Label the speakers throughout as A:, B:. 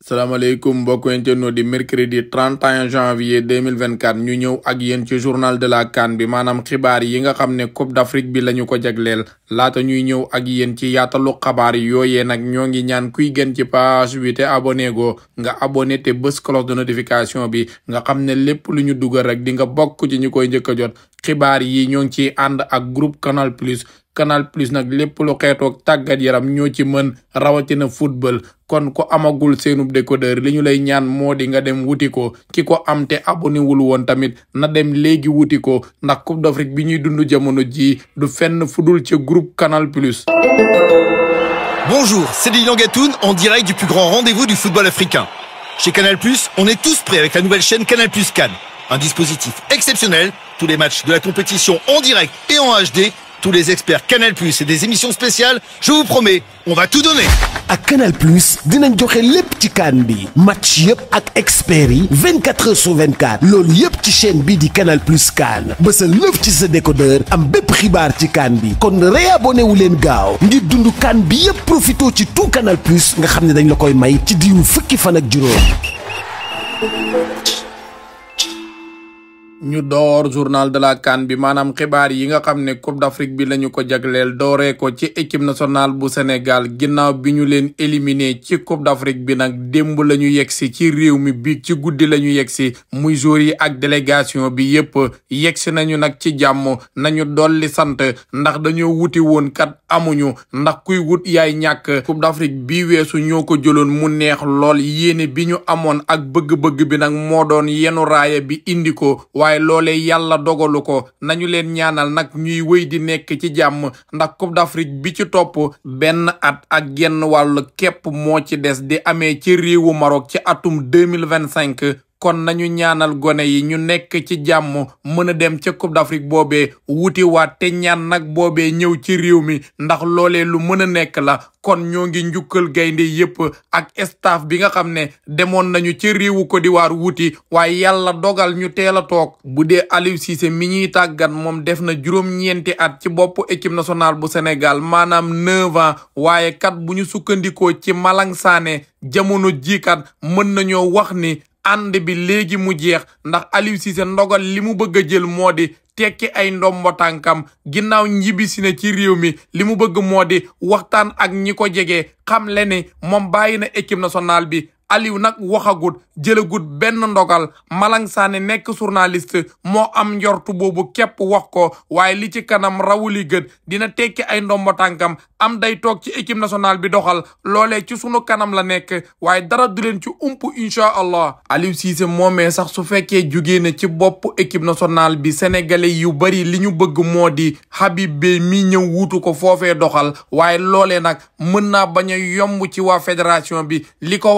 A: salaamaaleykum mbokk internet di mercredi 31 janvier 2024 ñu ñëw ak yéen ci journal de la CAN bi maanaam xibaar yi nga xam ne Coupe d'Afrique bi lañu ko jagleel laata ñuy ñëw ak yéen ci yaatalu xabaar yooyee nag ñoo ngi ñaan kuy gën ci page bi te go nga abonné te bës cloche de notification bi nga xam ne lépp lu ñu dugal rek di nga bokk ci ñu koy njëkk a jot xibaar yi ñoo ngi ciy ànd ak groupe Canal Plus Canal Plus nag lépp lu xeetoog tàggat yaram ñoo ci mën rawatina football kon ko amagul seenub décodeur li ñu lay ñaan moo di nga dem wuti ko ki ko am te abonné wul woon tamit na dem léegi wuti ko ndax Coupe d'Afrique bi ñuy dund jamono jii du fenn fudul ci groupe Canal Plus. Bonjour, c'est Lilian Gatoun en direct du plus grand rendez-vous du football africain. Chez Canal+, on est tous prêts avec la nouvelle chaîne Canal+ Cannes. Un dispositif exceptionnel, tous les matchs de la compétition en direct et en HD, tous les experts Canal Plus et des émissions spéciales, je vous promets, on va tout donner. ak Canal Plus dinañ joxe lépp ci kaan bi match yëpp ak experts yi 24 heures sur 24 loolu yëpp ci chaîne bi di Canal Plus kaan ba sa lëf ci sa décodeur am bépp xibaar ci kaan bi kon réabonné wu leen gaaw ngir dund kaan bi yëpp profito ci tout Canal Plus nga xam ne dañ la koy may ci diiru fukki fan ak juróom. ñu door journal de la CAN bi maanaam xibaar yi nga xam ne Coupe d'Afrique bi lañu ko jagleel dooree ko ci équipe nationale bu Sénégal ginnaaw bi ñu leen éliminé ci Coupe d'Afrique bi nag démb lañu ñu yegsi ci réew mi bi ci guddi la ñu yegsi muy joueur yi ak délégation bi yépp yegsi nañu nag ci jàmm nañu dolli sant ndax dañoo wuti woon kat amuñu ndax kuy wut yaay ñàkk Coupe d'Afrique bi weesu ñoo ko jëloon mu neex lool yéene bi ñu amoon ak bëgg-bëgg bi nag moo doon yenu raaya bi indi ko waaye loole yàlla dogalu ko nañu leen ñaanal nag ñuy wéy di nekk ci jàmm ndax Coupe d'Afrique bi ci topp benn at ak genn wàll képp moo ci des di amee ci riwu Maroc ci atum deux mille vingt cinq kon nañu ñaanal gone yi ñu nekk ci jàmm mën a dem ca Coupe d'Afrique boobee wuti waat te ñaan nag boobee ñëw ci réew mi ndax loolee lu mën a nekk la kon ñoo ngi njukkal gaynde yépp ak staff bi nga xam ne demoon nañu ci réewu Côte d'Ivoire wuti waaye yàlla dogal ñu teel a toog bu dee Aliou Cissé mi ñuy tàggat moom def na juróom at ci bopp équipe nationale bu Sénégal maanaam neuf ans waaye kat bu ñu sukkandikoo ci Malang Sané jamono jikat mën nañoo wax ni ànd bi léegi mu jeex ndax Aliou Cissé ndogal li mu bëgg jël moo di tekki ay ndombo tànkam ginnaaw ñibbisi na ci réew mi li mu bëgg moo di waxtaan ak ñi ko jege xam le ne moom bàyyi na équipe nationale bi Aliou nag waxagut jëlagut benn ndogal Malang ne nekk journaliste moo am njortu boobu képp wax ko waaye li ci kanam rawuli gët dina tekki ay ndombo tànkam am day toog ci équipe nationale bi doxal loole ci sunu kanam la nekk waaye dara du leen ci ump incha allah. Aliou Cissé moomee sax su fekkee jugee ci bopp équipe nationale bi sénégalais yu bari li ñu bëgg moo di Habib Beye mi ñëw wuutu ko foofee doxal waaye loolee nag mën naa bañ a yomb ci waa fédération bi li ko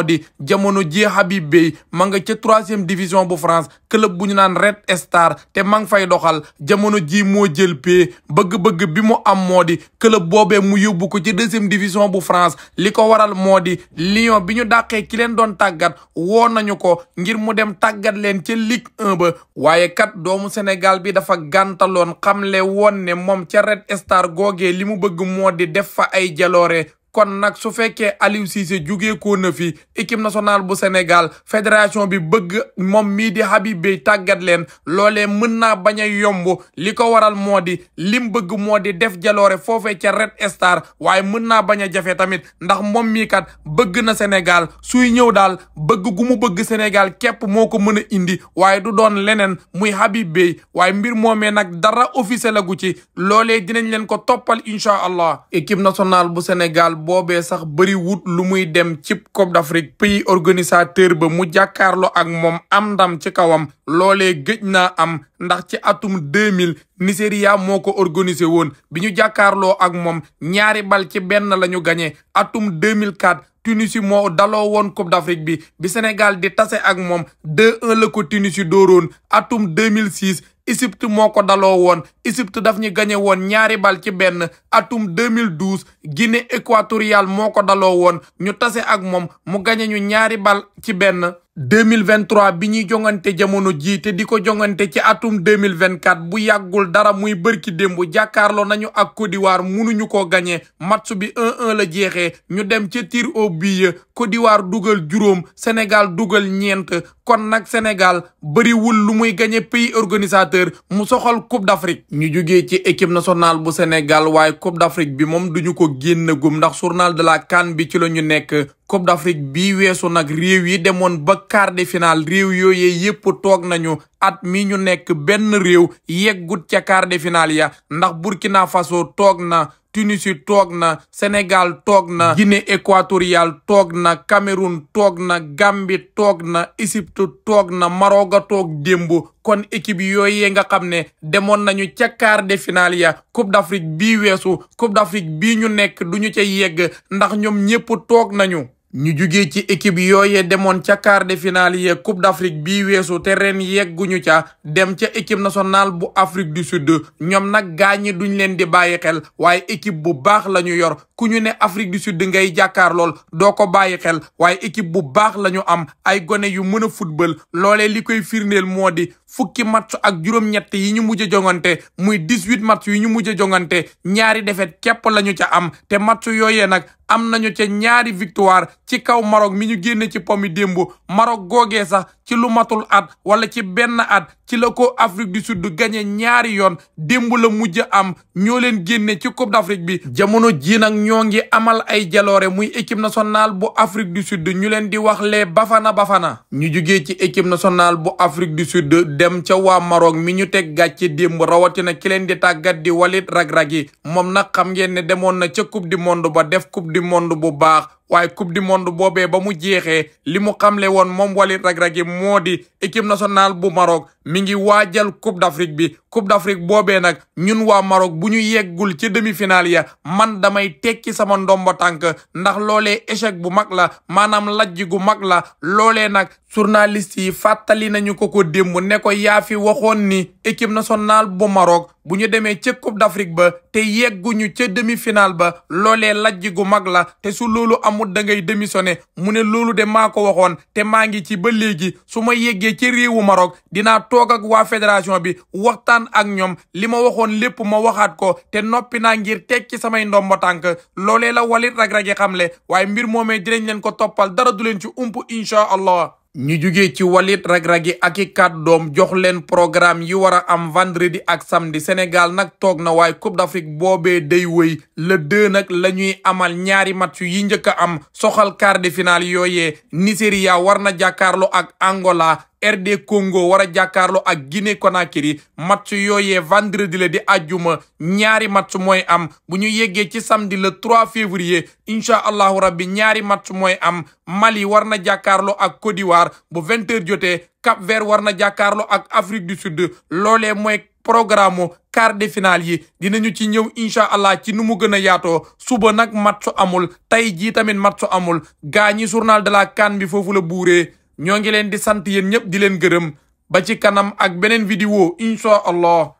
A: moo di jamono ji Habib Beye ma nga ca troisième division bu France club bu ñu naan Red Star te ma fay doxal jamono ji moo jël pee bëgg-bëgg bi mu am moo di club boobee mu yóbbu ko ci deuxième division bu France li ko waral moo di Lyon bi ñu dàqee ki leen doon tàggat woo nañu ko ngir mu dem tàggat leen ca Ligue 1 ba waaye kat doomu Sénégal bi dafa gantaloon xamle woon ne moom ca Red Star googe li mu bëgg moo di def fa ay jaloore kon nag su fekkee Aliou Cissé jugee ko na fi équipe nationale bu Sénégal fédération bi bëgg moom mii di Habib Beye tàggat leen loolee mën naa bañ a yomb li ko waral moo di lim bëgg moo di def jaloore foofee ca Red Star waaye mën naa bañ a jafe tamit ndax moom mii kat bëgg na Sénégal suy ñëw daal bëgg gu bëgg Sénégal képp moo ko mën a indi waaye du doon leneen muy Habib Beye waaye mbir moomee nag dara officiel la gu ci loolee dinañ leen ko toppal incha allah équipe national bu Sénégal. boobee sax bëri wut lu muy dem cib Coupe d'Afrique pays organisateur ba mu jàkkaarloo ak moom am ndam ci kawam loolee gëj naa am ndax ci atum 2000 Nigeria moo ko organisé woon bi ñu jàkkaarloo ak moom ñaari bal ci benn la ñu gagné atum 2004 Tunisie moo daloo woon Coupe d'Afrique bi bi Sénégal di tase ak moom 2-1 la ko Tunisie dooroon atum 2006 Égypte moo ko daloo woon Égypte daf ñu gañe woon ñaari bal ci benn atum 2012 Guinée équatoriale moo ko daloo woon ñu tase ak moom mu gañe ñu ñaari bal ci benn mille 2023 bi ñuy jongante jamono jiite di ko jongante ci atum deux mille 2024 bu yàggul dara muy bërki démb jàkkaarloo nañu ak Côte d'Ivoire mënuñu koo gañe match bi 1-1 la jeexee ñu dem ca tir au but Côte dugal juróom Sénégal dugal ñeent kon nag Sénégal bariwul lu muy gañe pays organisateur mu soxal Coupe d'Afrique ñu jugee ci équipe nationale bu Sénégal waaye Coupe d'Afrique bi moom duñu ko génn gum ndax journal de la CAN bi ci la ñu nekk coupe d'Afrique bi weesu nag réew yi demoon ba quart de finale réew yooyee yépp toog nañu at mi ñu nekk benn réew yeggut ca quart de finale ya ndax Burkina Faso toog na Tunisie toog na Sénégal toog na Guinée équatoriale toog na Cameroun toog na Gambie toog na Égypte toog na Maroc toog démb kon équipe yooyee nga xam ne demoon nañu ca quart de finale ya coupe d'Afrique bii weesu coupe d'Afrique bii ñu nekk duñu ca yegg ndax ñoom ñépp toog nañu ñu jugee ci équipe yooye demoon ca quart de finale yeeg coupe d'Afrique bii weesu te ren yegguñu ca dem ca équipe nationale bu Afrique du Sud ñoom nag gaañi duñ leen di bàyyi xel waaye équipe bu baax la ñu yor ku ñu ne Afrique du Sud ngay jàkkaar lool doo ko bàyyi xel waaye équipe bu baax la ñu am ay gone yu mën a football loole li koy firndeel moo di fukki match ak juróom-ñett yi ñu mujj a jongante muy dix-huit match yi ñu mujj a jongante ñaari defet képp la ñu ca am te match yooyee nag am nañu ca ñaari victoire ci kaw Maroc mi ñu génne ci pomi démb Maroc googee sax ci lu matul at wala ci benn at ci la ko Afrique du Sud gagné ñaari yoon démb la mujj am ñoo leen génne ci Coupe d'Afrique bi jamono ji nag ñoo ngi amal ay jaloore muy équipe national bu Afrique du Sud ñu leen di wax les Bafana Bafana ñu jugee ci équipe national bu Afrique du Sud dem ca waa Maroc mi ñu teg gàcce démb rawatina ki leen di tàggat di Walid Regragui moom nag xam ngeen ne demoon na ca Coupe du monde ba def coupe monde bu baax waaye coupe du monde boobee ba mu jeexee li mu xamle woon moom Walid Regragui moo di équipe nationale bu Maroc mi ngi waajal coupe d'Afrique bi coupe d'Afrique boobee nag ñun waa Maroc bu ñu yeggul ci demi-finale ya man damay tekki sama ndomba tànk ndax loole échec bu mag la maanaam lajj gu mag la loolee nag journaliste yi fàttali nañu ko ko démb ne ko yaa fi waxoon ni équipe nationale bu Maroc bu ñu demee ca coupe d'Afrique ba te yegguñu ca demi-finale ba loolee lajj gu mag la amut ngay démissionné mu ne loolu de maa ko waxoon te maa ngi ci ba léegi su ma yeggee ci réewu Maroc dinaa toog ak waa fédération bi waxtaan ak ñoom li ma waxoon lépp ma waxaat ko te noppi naa ngir tekki samay ndombo tànk loolee la Walid Reug Reug xamle waaye mbir moomee dinañ leen ko toppal dara du leen ci ump incha allah ñu jugee ci walit ragragi ak i kàddoom jox leen programme yi war a am vendredi ak samedi Sénégal nag toog na waaye Coupe d'Afrique boobee day wëy le deux nag la ñuy amal ñaari match yi njëkk a am soxal quart de finale yooyee Nigeria war na jàkkaarloo ak Angola RD Congo war a jàkkaarloo ak Guinée Conakry match yooyee vendredi la di ajuma ñaari match mooy am bu ñu yeggee ci samedi le 3 février incha allahu rabbi ñaari match mooy am Mali war na jàkkaarloo ak Côte d'Ivoire bu 20h Cap Vert war na jàkkaarloo ak Afrique du Sud loolee mooy programme quart de finale yi dinañu ci ñëw incha allah ci nu mu gën a yaatoo suba nag match amul tey jii tamit match amul gaa ñi journal de la CAN bi foofu la buuree. ñoo ngi leen di sant yéen ñëpp di leen gërëm ba ci kanam ak beneen vidéo incha allah